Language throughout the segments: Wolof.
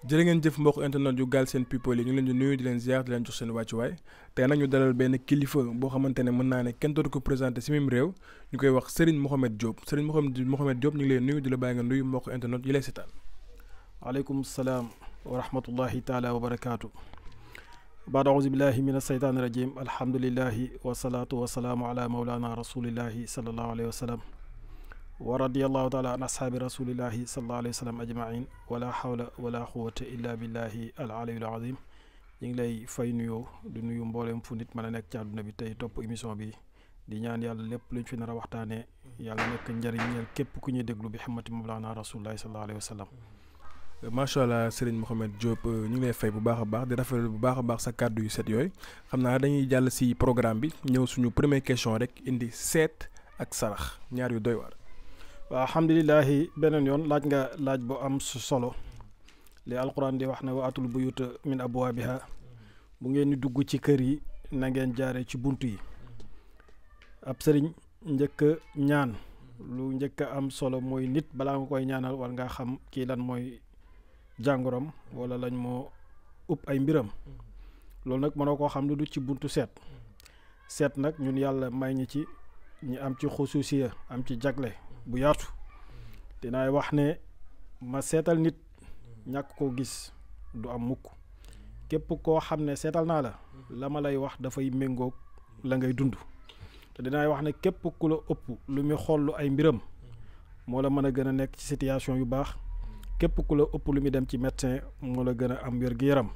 jërë ngeen jëf mbokk internet yu Galsen People yi ñu leen di nuyu di leen ziar di leen jox seen wàccuwaay tey nag ñu dalal benn kilifa boo xamante ne mën naa ne kenn dootu ko présenté si mim réew ñu koy wax Serigne Mohamed Diop Serigne Mohamed Diop ñu ngi lay nuyu di la bàyyi nga nuyu mbokk internet yi lay seetaan. waaleykum salaam wa rahmatullahi taala wa barakaatu. baad auzu billahi min asaytaani rajim alhamdulilahi wasalaatu wasalaamu ala maulana rasulillahi salallahu alayhi wa sallam wa radiallahu taala an ashaabi rasulillahi sallallahu alayhi wa sallam ajmain wala hawla wala quwata illa billahi al aliyul azim ñu ngi lay fay nuyoo du nuyu mbooleem fu nit mën a nekk ci àdduna bi tey topp émission bi di ñaan yàlla lépp luñ fi nar a waxtaanee yàlla nekk njëriñ képp ku ñuy déglu bi xamati mawlana rasulillahi sallallahu alayhi wa sallam macha allah Serigne Mohamed Diop euh, ñu ngi fay bu baax a baax di rafetlu bu baax a baax sa kàddu yu set yooyu xam naa dañuy jàll si programme bi ñëw suñu première question rek indi seet ak sarax ñaar yu doy waar. waaw alhamdulilahi beneen yoon laaj nga laaj bu am solo li alquran di wax ne wa atul buyuta min abwaabiha bu ngeen di dugg ci kër yi nangeen jaare ci bunt yi ab sëriñ njëkk ñaan lu njëkk am solo mooy nit balaa nga koy ñaanal war ngaa xam kii lan mooy jàngoram wala lañ moo upp ay mbiram loolu nag mën mënoo koo xam lu du ci buntu seet seet nag ñun yàlla may ñi ci ñi am ci xususiya am ci jagle bu yaatu dinaay wax ne ma seetal nit ñàkk koo gis du am mukk képp koo xam ne seetal naa la la ma lay wax dafay méngoog la ngay dund te dinaay wax ne képp ku la ëpp lu muy xool ay mbiram moo la mën a gën a nekk ci situation yu baax képp ku la ëpp lu muy dem ci médecin moo la gën a am wér-gu-yaram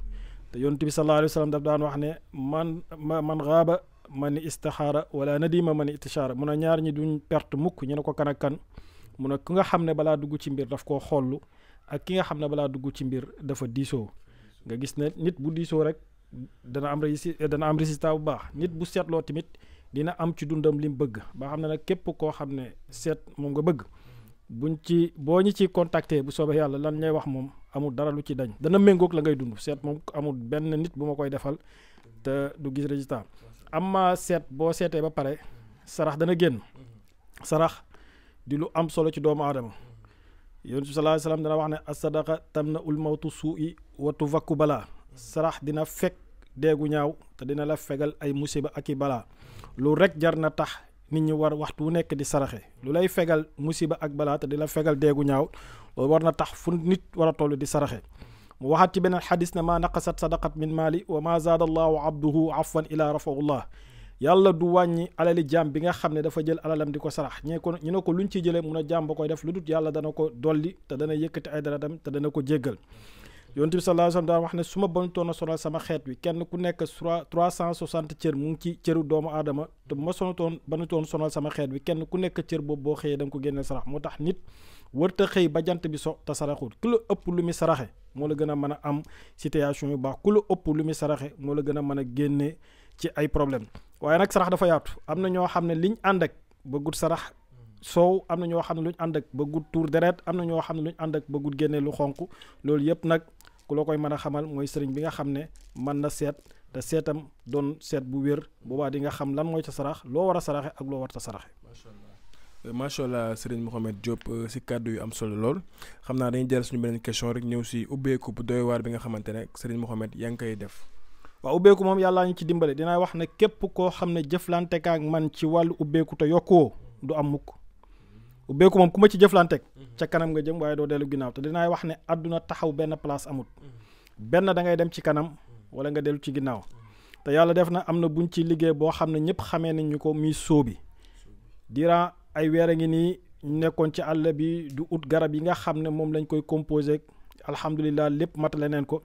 te yonent bi sallallahu wax ne man man xaaba man istaxaara wala nadima man itishaara mun a ñaar ñi duñ perte mukk ñu ne ko kan kan mun a ki nga xam ne balaa dugg ci mbir daf koo xollu ak ki nga xam ne balaa dugg ci mbir dafa diisoo nga gis ne nit bu diisoo rek dana am rési dana am résultat bu baax nit bu seetloo tamit dina am ci dundam lim bëgg ba xam ne nag képp koo xam ne seet moom nga bëgg buñ ci boo ñu ci contacter bu soobee yàlla lan lay wax moom amul dara lu ci dañ dana méngook la ngay dund seet moom amul benn nit bu ma koy defal te du gis résultat amma seet boo seetee ba pare sarax dana génn sarax di lu am solo ci doomu aadama yonent bi sallallahu dana wax ne asadaqa tam na ul mawtu suu'i wa tuvakku balaa sarax dina fekk deegu ñaaw te dina la fegal ay musiba ak i balaa lu rek jar na tax nit ñi war waxtu wu nekk di saraxe lu lay fegal musiba ak balaa te di la fegal deegu ñaaw loolu war na tax fu nit war a toll di saraxe mu waxaat ci beneen xadis ne maa naqasat sadaqat min maali wa maa zaada allahu abduhu afwan ilaa rafahullah yàlla du wàññi alali jaam bi nga xam ne dafa jël alalam di ko sarax ñee ko ñu ne ko lu ñu ci jëlee mun a jaam ba koy def lu dut yàlla dana ko dolli te dana yëkkati ay daratam te dana ko jéggal yonent bi sallallahu alayhi wax ne su ma bañ toon a sonal sama xeet wi kenn ku nekk trois cent soixante cër mu ngi ci cëru doomu aadama te ma sonatoon banu sonal sama xeet wi kenn ku nekk cër boobu boo xëyee da nga ko génneel sarax moo tax nit wërta xëy ba jant bi so te saraxul ku la ëpp lu muy saraxe moo la gën a mën a am situation yu baax ku la ëpp lu muy saraxe moo la gën a mën a génne ci ay problème waaye nag sarax dafa yaatu am na ñoo xam ne liñ ànd ak ba gudd sarax soow am na ñoo xam ne luñ ànd ba gudd tuur deret am na ñoo xam ne luñ ànd ak ba gudd génne lu xonq loolu yëpp nag ku loo koy mën a xamal mooy sëriñ bi nga xam ne man na seet te seetam doon seet bu wér boobaa di nga xam lan mooy sa sarax loo war a saraxe ak saraxe macha allah Serigne Mohamed Diop euh, si kàddu yu am solo lool xam naa dañuy jël suñu beneen question rek ñëw si ubbeeku bu doy waar bi nga xamante ne Serigne Mohamed yaa ngi koy def. waaw ubbeeku moom yàllaa ñu ci dimbale dinaa wax ne képp koo xam ne jëflanteeg ak man ci wàllu ubbeeku te yokkuwoo du am mukk ubbeeku moom ku ma ci jëflanteeg. Mhm. ca kanam nga jëm waaye doo dellu ginnaaw te dinaa wax ne àdduna taxaw benn place amut. Mhm. benn da ngay dem ci kanam wala nga dellu ci ginnaaw. te yàlla def na am na buñ ci liggéey boo xam ne ñëpp xamee nañ ñu ko muy sóobi dira ay weer a ngi nii nekkoon ci àll bi du ut garab yi nga xam ne moom lañ koy composé alhamdulilah lépp mat leneen ko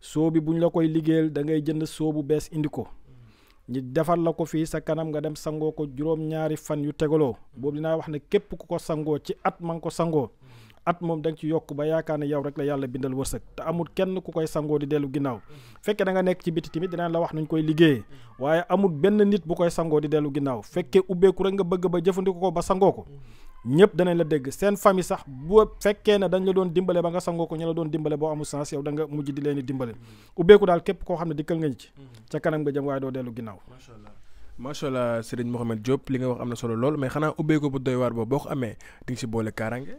soo bi bu ñu la koy liggéeyal da ngay jënd soo bu bees indi ko ñu defar la ko fii sa kanam nga dem sangoo ko juróom-ñaari fan yu tegaloo boobu dinaa wax ne képp ku ko sangoo ci at ma ko sangoo. at moom da ci yokk ba yaakaar ne yow rek la yàlla bindal wërsëg te amul kenn ku koy sangoo di dellu ginnaaw mm-hmm. fekkee da nga nekk ci biti tamit dinaan la wax nuñ koy liggéeyee mm-hmm. waaye amul benn nit bu koy sangoo di dellu ginnaaw fekkee ubbeeku rek nga bëgg ba jëfandikoo ko ba sangoo ko mm-hmm. ñëpp dana la dégg seen famille sax bu fekkee ne dañ la doon dimbale ba nga sangoo ko ñu la doon dimbale boo amul sens nga mujj di leen di dimbale ubbeeku daal képp koo xam ne dikkal nga ñu ci ca kanam nga jëm waaye doo dellu ginnaaw macha allah Serigne Mohamed li nga wax am na solo lool mais xanaa ubbeeku bu doy waar boobu boo ko amee di nga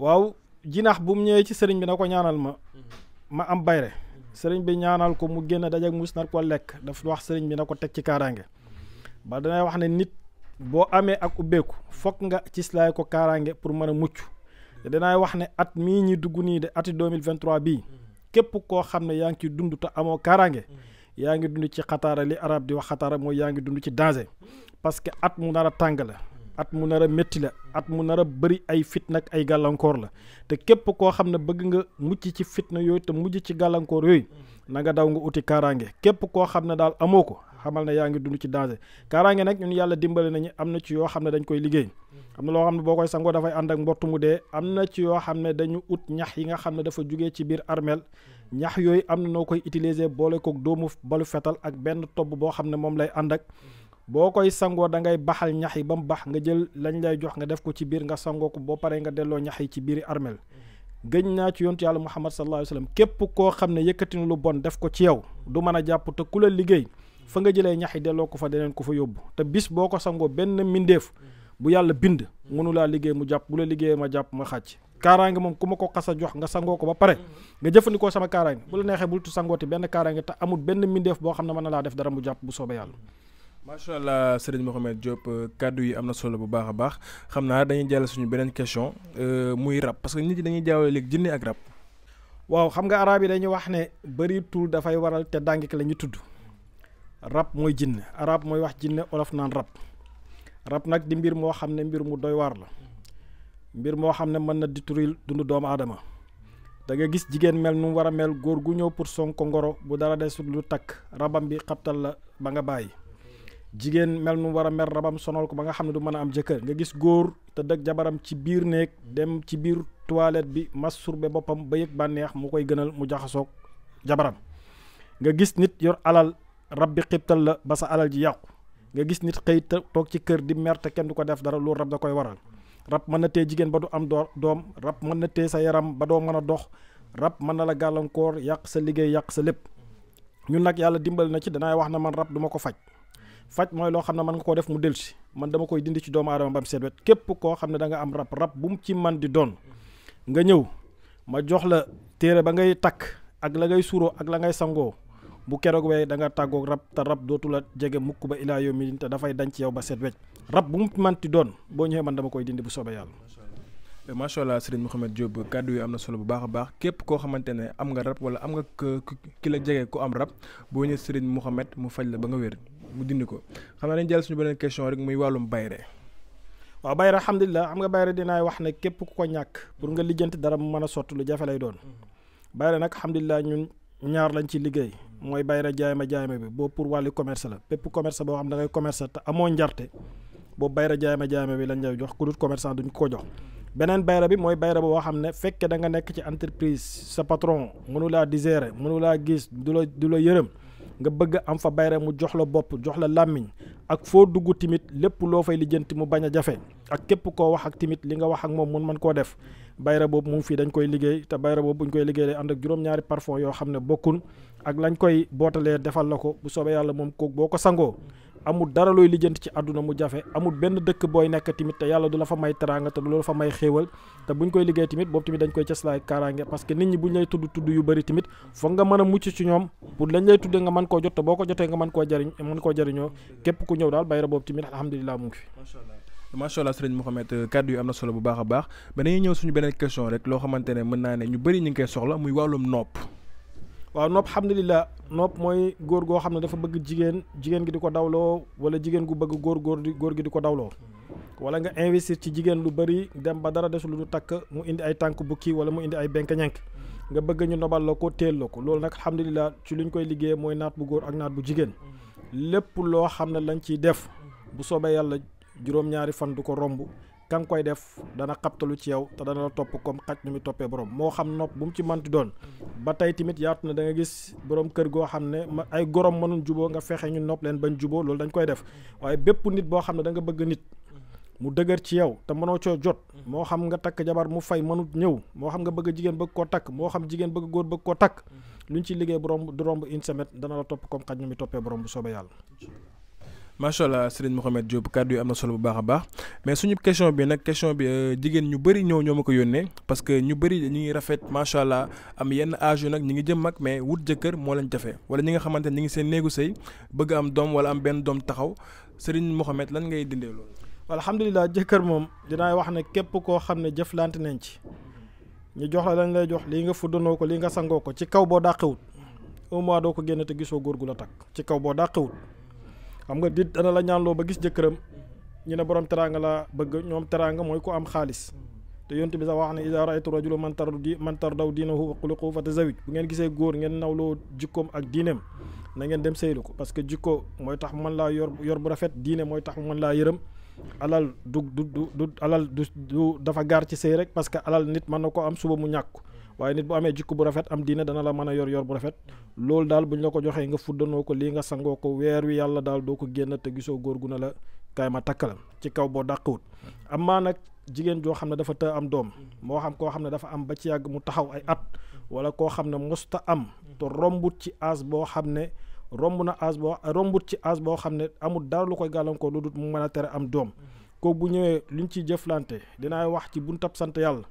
waaw jinax bu mu ñëwee ci sëriñ bi na ko ñaanal ma mm-hmm. ma am bayre mm-hmm. sëriñ bi ñaanal ko mu génn dajeeg mus nar ko lekk daf wax sëriñ bi na ko teg ci kaaraange mm-hmm. ba danay wax ne nit boo amee ak ubbeeku fokk nga ci cislaay ko kaaraange pour mën a mucc te danaay wax ne at mii ñi dugg nii de ati 2023 bii képp koo xam ne yaa ngi ci dund te amoo kaaraange yaa ngi dund ci xataara li arab di wax xataara mooy yaa ngi dund ci danger parce que at mu nar a tàng la at mu nar a métti la at mu nar a bëri ay fitna ak ay gàllankoor la te képp koo xam ne bëgg nga mucc ci fitna yooyu te mujj ci gàllankoor yooyu na nga daw nga uti kaaraange képp koo xam ne daal amoo ko xamal ne yaa ngi dund ci danger kaaraange nag ñun yàlla dimbali nañu am na ci yoo xam ne dañ koy liggéey am na loo xam ne boo koy sangoo dafay ànd ak mbott mu dee am na ci yoo xam ne dañu ut ñax yi nga xam ne dafa jóge ci biir armeel ñax yooyu am na noo koy utiliser boole doomu balu fetal ak benn tobb boo xam ne moom lay ànd ak boo koy sangoo da ngay baxal ñax yi ba mu bax nga jël lañ lay jox nga def ko ci biir nga sangoo ko boo paree nga delloo ñax yi ci biir armel gëñ naa ci yontu yàlla muhammad sallallahu alayhi wa sallam képp ko xam ne yëkkati na lu bon def ko ci yow du man a jàpp te ku la liggéey fa nga jëlee ñax yi delloo ko fa deneen ko fa yóbbu te bis boo ko sangoo benn mbindeef bu yàlla bind mënu laa liggéey mu jàpp bu la liggéey ma jàpp ma xàcc kaaraange moom ku ma ko xas a jox nga sangoo ko ba pare nga jëfandikoo sama kaaraange bu la neexee bul tu sangooti benn kaaraange te amul benn mbindeef boo xam ne mën na laa def dara mu jàpp bu soobee macha allah Serigne Mohamed Diop euh, kaddu yi am na solo bu baax a baax xam naa dañuy jàll suñu beneen question euh, muy rab parce que nit ñi dañuy jaawale léegi jinne ak rab. waaw xam nga arab yi dañuy wax ne bëri tur dafay waral te dàngik la ñu tudd rab mooy jinne arab mooy wax jinne olof naan rab rab nag di mbir moo xam ne mbir mu doy waar la mbir moo xam ne mën na di turil dund doomu aadama da nga gis jigéen mel nu mu a mel góor gu ñëw pour son ko ngoro bu dara desul lu takk rabam bi xabtal la ba nga bàyyi. jigéen mel nu war a mer rabam sonal ko ba nga xam ne du mën a am jëkkër nga gis góor te dëkk jabaram ci biir néeg dem ci biir toilette bi surbe boppam ba yëg bànneex mu koy gënal mu jaxasoog jabaram nga gis nit yor alal rab bi la ba sa alal ji yàqu nga gis nit xëy toog ci kër di mer kenn du ko def dara loolu rab da koy waral rab mën na tee jigéen ba du am door doom rab mën na tee sa yaram ba doo mën a dox rab mën na la gàllankoor yàq sa liggéey yàq sa lépp ñu nag yàlla dimbali na ci danaay wax na man rab du ma ko faj faj mooy loo xam ne mën nga koo def mu dellu si man dama koy dindi ci doomu aadama bam seet wet képp koo xam ne da nga am rab rab bu mu ci man di doon nga ñëw ma jox la téere ba ngay takk ak la ngay suuroo ak la ngay sangoo bu keroog wee da nga tàggoog rab te rab dootu la jege mukk ba ilaa yow mi te dafay dañ ci yow ba seet wecc rab bu mu manti doon boo ñëwee man dama koy dindi bu soobee yàlla macha allah sëriñ Mouhamed Diop kàddu yi am na solo bu baax a baax képp koo xamante ne am nga rab wala am nga ki la jege ku am rab boo ñëwee sëriñ Mouhamed mu faj la ba nga wér mu dindi ko xam naa dañ jël suñu beneen question rek muy wàllum bayre waaw bayre alhamdulilah am nga bayre dinaay wax ne képp ku ko ñàkk pour nga lijjanti dara mu mën a sotti lu jafe lay doon bayre nag alhamdulilah ñun ñaar lañ ci liggéey mooy bayre jaay ma jaay ma bi boobu pour wàllu commerce la bépp commerce boo xam da ngay commerce te amoo njarte boobu bayre jaay ma jaay ma bi lañ lay jox ku dul commerçant duñ ko jox beneen bayra bi mooy bayra boo xam ne fekke da nekk ci entreprise sa patron mënu laa digérer mënu laa gis du la du la yërëm nga bëgg am fa bayre mu jox la bopp jox la làmmiñ ak foo dugg tamit lépp loo fay lijjanti mu bañ a jafe ak képp koo wax ak tamit li nga wax ak moom mun man koo def bayre boobu mu fii dañ koy liggéey te bayre boobu buñ koy liggéey day ànd ak juróom-ñaari parfum yoo xam ne bokkun ak lañ koy bootalee defal la ko bu soobee yàlla moom ko boo ko sangoo amul dara looy lijjanti ci àdduna mu jafe amul benn dëkk booy nekk tamit te yàlla du la fa may teraanga te du la fa may xéewal te buñ koy liggéey tamit boobu tamit dañ koy cëslaay kaaraange parce que nit ñi buñ lay tudd tudd yu bëri tamit foog nga mën a mucc ci ñoom pour lañ lay tuddee nga mën koo jot te boo ko jotee nga mën koo jariñ mën koo jariñoo képp ku ñëw daal bayra boobu tamit alhamdulilah mu ngi fi macha allah sëriñ Mouhamed kàddu yi am na bu baax a baax ba dañuy ñëw suñu beneen loo xamante ne mën naa ne ñu bëri ñu ngi koy soxla muy wàllum nopp waaw nopp alhamdulilah nopp mooy góor goo xam ne dafa bëgg jigéen jigéen gi di ko dawloo wala jigéen gu bëgg góor góor di góor gi di ko dawloo wala nga investir ci jigéen lu bëri dem ba dara desul lu takk mu indi ay tànk bukki wala mu indi ay benk ñenk nga bëgg ñu nobal la ko teel la ko loolu nag alhamdulilah ci ñu koy liggéey mooy naat bu góor ak naat bu jigéen lépp loo xam ne lañ ciy def bu soobee yàlla juróom-ñaari fan du ko romb ka nga koy def dana xabtalu ci yow te dana la topp comme xaj nu muy toppee borom moo xam nopp bu mu ci manti doon mm. ba tey tamit yaatu na da gis borom kër goo xam ne ma ay gorom mënul juboo nga fexe ñu nopp leen bañ juboo loolu dañ koy def mm. waaye bépp nit boo xam ne da nga bëgg nit mm. mu dëgër ci yow te mënoo coo moo xam nga takk jabar mu fay mënut ñëw moo xam nga bëgg jigéen bëgg koo takk moo xam jigéen bëgg góor bëgg koo takk lu ñu ci liggéey borom du macha allah Serigne Mohamed Diop kàddu yi am na solo bu baax a baax mais suñu question bi nag question bi euh, jigéen ñu bëri ñëw ñoo ma ko yónnee parce que ñu bëri ñu ngi rafet macha allah am yenn âge nag ñi ngi jëm mag mais wut jëkkër moo lañ jafe wala ñi nga xamante ne ñi ngi seen néegu sëy bëgg am doom wala am benn doom taxaw Serigne Mohamed lan ngay dindee loolu. alhamdulilah jëkkër moom dinaa wax ne képp koo xam ne jëflante nañ ci ñu jox la lañ lay jox lii nga fuddanoo ko li nga sangoo ko ci kaw boo dàqewut au moins doo ko génn te gisoo góor gu la takk ci kaw boo dàqewut xam nga dit dana la ñaanloo ba gis jëkkëram ñu ne borom teraanga laa bëgg ñoom teraanga mooy ku am xaalis te yontu bi sax wax ne iza raaytu rajula man tardu di man tardaw diinahu wa xuluqahu fa tazawij bu ngeen gisee góor ngeen nawloo jikkoom ak diineem na ngeen dem seylu ko parce que jikko mooy tax mu mën laa yor yor bu rafet diine mooy tax mu mën laa yërëm alal du du du alal du du dafa gaar ci sëy rek parce que alal nit mën na ko am suba mu ñàkk waaye nit bu amee jikko bu rafet am diine dana la mën a yor yor bu rafet loolu daal bu ñu la ko joxee nga fuddanoo ko li nga sangoo ko weer wi yàlla daal doo ko génn te gisoo góor gu na la kaay ma la ci kaw boo dàqawut am maa nag jigéen joo xam ne dafa të am doom moo xam koo xam ne dafa am ba ci yàgg mu taxaw ay at wala koo xam ne mosta am te rombut ci as boo xam ne romb na as boo rombut ci as boo xam ne amul dara lu koy gàllankoor lu dut mu mën a tere am doom kooku bu ñëwee ñu ciy jëflante dinaay wax ci buntab sant yàlla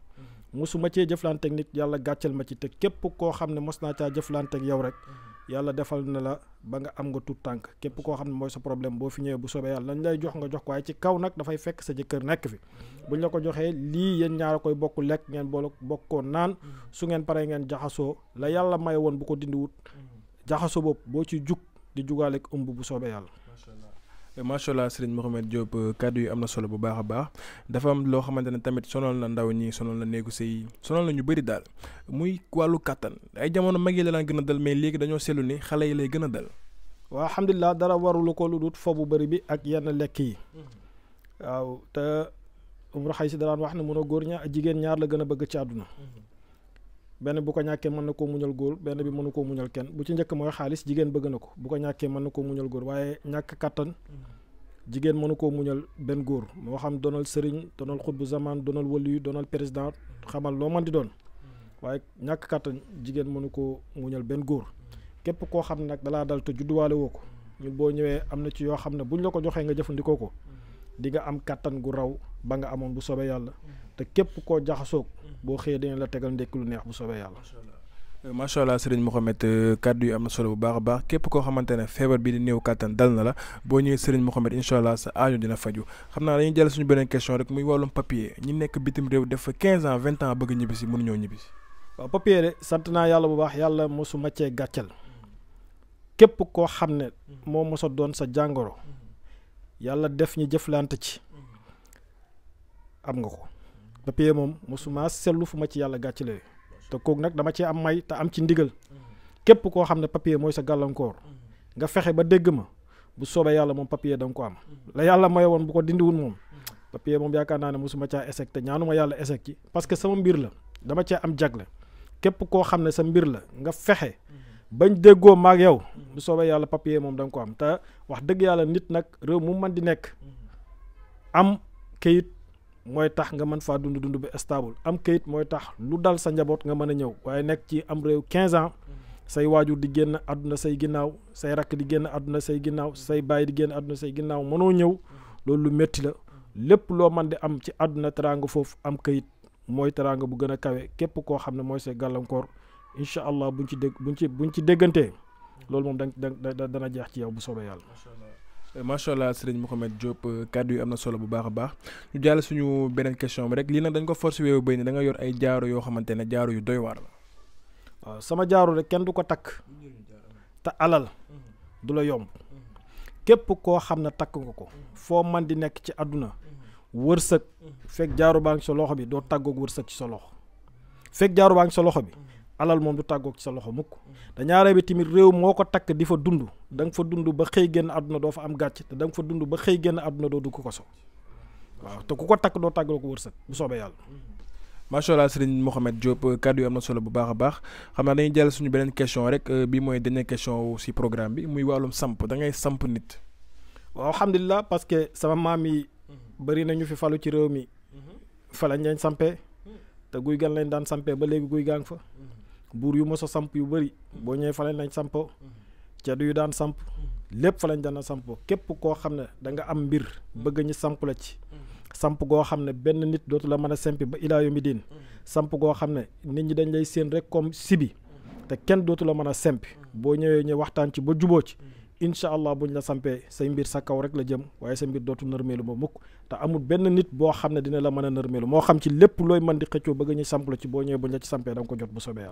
mosuma cee jëflanteeg nit yàlla gàcceel ma ci te képp koo xam ne mos naa caa jëflanteeg yow rek mhm. yàlla defal na la ba nga am nga tut tànk képp koo xam ne mooy sa problème boo fi ñëwee bu soobee yàlla lañ lay jox nga jox ko waaye ci kaw nag dafay fekk sa jëkkër nekk fi mhm. buñ la ko joxee lii yéen ñaar a koy bokk lekk ngeen bokk bokkoo naan mhm. su ngeen paree ngeen jaxasoo la yàlla may woon bu ko dindiwut jaxasoo bopp boo ci jug di jugaaleeg ëmb bu soobee yàlla macha allah sëriñ Mouhamed Diop euh, kàddu yi am na solo bu baax a baax dafa am loo xamante ne tamit sonal na ndaw ñi sonal na néegu sëy sonal na ñu bëri daal muy wàllu kàttan ay jamono mag yi la daan gën a dal mais léegi dañoo seetlu ni xale yi lay gën a dal. waa alhamdulilah dara warulu ko lu dut fo bu bëri bi ak yenn lekk yi. Mm-hmm. waaw te Umar Xay si daan wax ne mun a góor ñaar jigéen ñaar la gën a bëgg ci àdduna. Mm-hmm. benn bu ko ñàkkee mën na koo muñal góor benn bi mënu koo muñal kenn bu ci njëkk mooy xaalis jigéen bëgg na ko bu ko ñàkkee mën na koo muñal góor waaye ñàkk kàttan jigéen mënu koo muñal benn góor moo xam donal sëriñ donal xutbu zaman donal waliyu donal président xamal loo mën di doon waaye ñàkk kàttan jigéen mënu koo muñal benn góor képp koo xam nag dalaa dal te judduwaale woo ko ñun boo ñëwee am na ci yoo xam ne buñ la ko joxee nga jëfandikoo ko di nga am kàttan gu raw ba nga amoon bu soobee yàlla te képp koo jaxasoog boo xëyee dañ la tegal ndekki lu neex bu soobee yàlla. macha allah euh, sëriñ Mouhamed euh, kàddu yi am na solo bu baax baax képp koo xamante ne feebar bi di néew kàttan dal na la boo ñëwee sëriñ Mouhamed incha allah sa aajo dina faju xam naa dañuy jël suñu beneen question rek muy wàllum papier ñi nekk bitim réew def fa 15 ans vingt ans bëgg ñibbisi mënuñoo ñibbisi. waaw papier de sant naa yàlla bu baax yàlla mosu ma cee gàcceel képp koo xam ne moo doon sa jàngoro yàlla def ñu jëflante ci nga ko. dapee moom mosuma seetlu fu ma ci yàlla gàccelee te kooku nag dama cee am may te am ci ndigal képp koo xam ne papier mooy sa gàllankoor nga fexe ba dégg ma bu soobee yàlla moom papier da nga ko am la yàlla may woon moom papier la dama cee am jagle képp koo sa mbir la nga fexe bañ déggoo maag da nga ko am te wax dëgg yàlla nit nag réew mu mën di nekk am kayit mooy tax nga man faa dund dund bi stable am kayit mooy tax lu dal sa njaboot nga mën a ñëw waaye nekk ci am réew 15 ans mm-hmm. say waajur di génn àdduna say ginnaaw say rakk di génn àdduna say ginnaaw mm-hmm. say baay di génn àdduna say ginnaaw mënoo ñëw mm-hmm. loolu lu métti la lépp loo mën di am ci àdduna teraanga foofu am kayit mooy teraanga bu gën a kawee képp koo xam ne mooy say gàllankoor incha allah buñ ci dégg buñ ci bu buñ ci déggantee loolu moom da dana jeex ci yow bu soobee yàlla macha allah sëriñ Mouhamed Diop euh, kàddu yi am na solo bu baax a baax ñu jàll suñu beneen question bi rek lii nag dañ ko force weewu béy ne da nga yor ay jaaro yoo xamante ne jaaro yu doy waar la. waaw sama jaaro rek kenn du ko takk te alal du la yomb képp koo xam ne takk nga ko foo man di nekk ci àdduna wërsëg fekk jaaro baa ngi sa loxo bi doo tàggoog wërsëg ci sa loxo fekk jaaro baa ngi sa loxo bi. alal moom du tàggoog ci sa loxo mukk te ñaareel bi tamit réew moo ko takk di fa dund da fa dund ba xëy génn àdduna doo fa am gàcc te da nga fa dund ba xëy génn àdduna doo dugg ko so waaw te ku ko takk doo tàggaloo ko wërsëg bu soobee yàlla. macha allah sëriñ Mouhamed Diop euh, kàddu yi am na solo bu baax a baax xam naa dañuy jàll suñu beneen question rek euh, bi mooy dernière question si programme bi muy wàllum sa da ngay samp nit. waaw alhamdulilah parce que sama maam yi bëri nañu fi falu ci réew mi. Mhm. fa lañ leen sampee mhm. te guy gan daan sampee ba léegi guy gaa buur yu mos samp yu bëri boo ñëwee fa lañ lañ samp ceddu yu daan samp lépp fa lañ dana képp koo xam ne da am mbir bëgg ñu samp la ci samp goo xam ne benn nit dootu la mën a sempi ba ilaa yomi samp goo xam ne nit ñi dañ lay séen rek comme sibi te kenn dootu la mën a sempi boo ñëwee ñu waxtaan ci ba juboo ci incha allah bu ñu la sampee say mbir sa kaw rek la jëm waaye sa mbir dootu nërmeelu ba mukk te amul benn nit boo xam ne dina la mën a nërmeelu moo xam ci lépp looy di xëccoo bëgg ñu samp la ci boo ñëwee buñ la ci sampee da nga ko jot bu euh,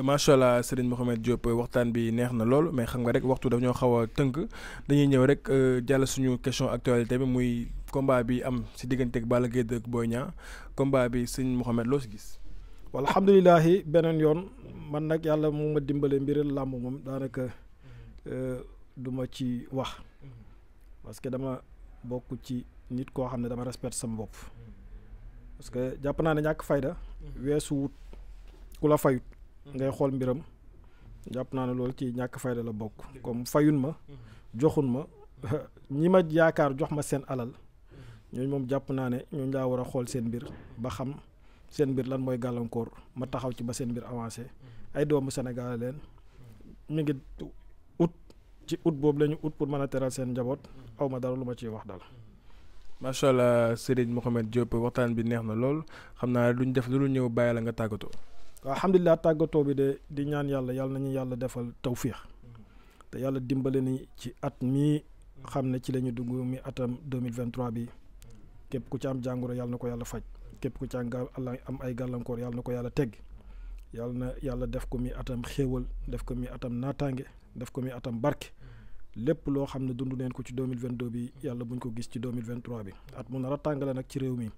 euh, waxtaan bi neex na lool mais xam nga rek waxtu daf xaw a tënk dañuy ñëw rek euh, jàll suñu question actualité bi muy combat bi am si digganteeg Balla Gaye ak Boy Niang bi Serigne Mohamed loo si gis. alhamdulilah beneen yoon man nag yàlla mu ma dimbale mbiri làmb moom daanaka. Euh, du ma ci wax parce que dama bokk ci nit koo xam ne dama respecte sama bopp parce que jàpp naa ne ñàkk fayda weesu wut ku la fayut ngay xool mbiram jàpp naa ne loolu ci ñàkk fayda la bokk comme fayun ma joxun ma ñi ma yaakaar jox ma seen alal ñooñu moom jàpp naa ne ñooñu laa war a xool seen mbir ba xam seen mbir lan mooy gàllankoor ma taxaw ci ba seen mbir avancé ay doomu Sénégal leen mi ngi ci ut boobu la ñu ut pour mën a teral seen njaboot mm-hmm. awma ma dara lu ma ciy wax dal macha mm-hmm. allah Serigne Mouhamed Diop waxtaan bi neex na lool xam naa duñ def lu lu ñëw bàyyi la nga tàggatoo. waaw alhamdulilah tàggatoo bi de di ñaan yàlla yàlla nañu yàlla defal tawfiix mm-hmm. te yàlla dimbale ni ci at mii xam ne ci lañuy dugg mi atam 2023 bi képp ku ci am jàngoro yàlla na ko yàlla faj képp ku ci am ay gàllankoor yàlla na ko yàlla tegg yàlla na yàlla def ko mi atam xéewal def ko mi atam naataange def ko mi atam barke lépp loo xam ne dundu neen ko ci deux mille vingt deux bi yàlla buñ ko gis ci deux mille vingt trois bi at mu nar a tàngale nag ci réew mi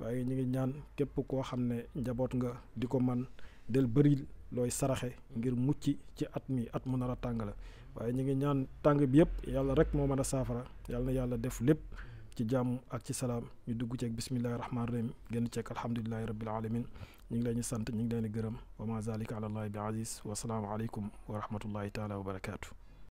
waaye ñu ngi ñaan képp koo xam ne njaboot nga di ko man del bëri looy saraxe ngir mucc ci at mi at mu nar a tàng la waaye ñu ngi ñaan tàng bi yëpp yàlla rek moo mën a saafara yàlla na yàlla def lépp ci jàmm ak ci salaam ñu dugg ceeg bismillahi rahmaani rahim génn ceeg alhamdulilahi rabbil alamin ñu ngi leen di sant ñu ngi leen di gërëm wa ma zalika ala allahi bi aziz wa salaamu aleykum wa rahmatullahi taala wa barakaatu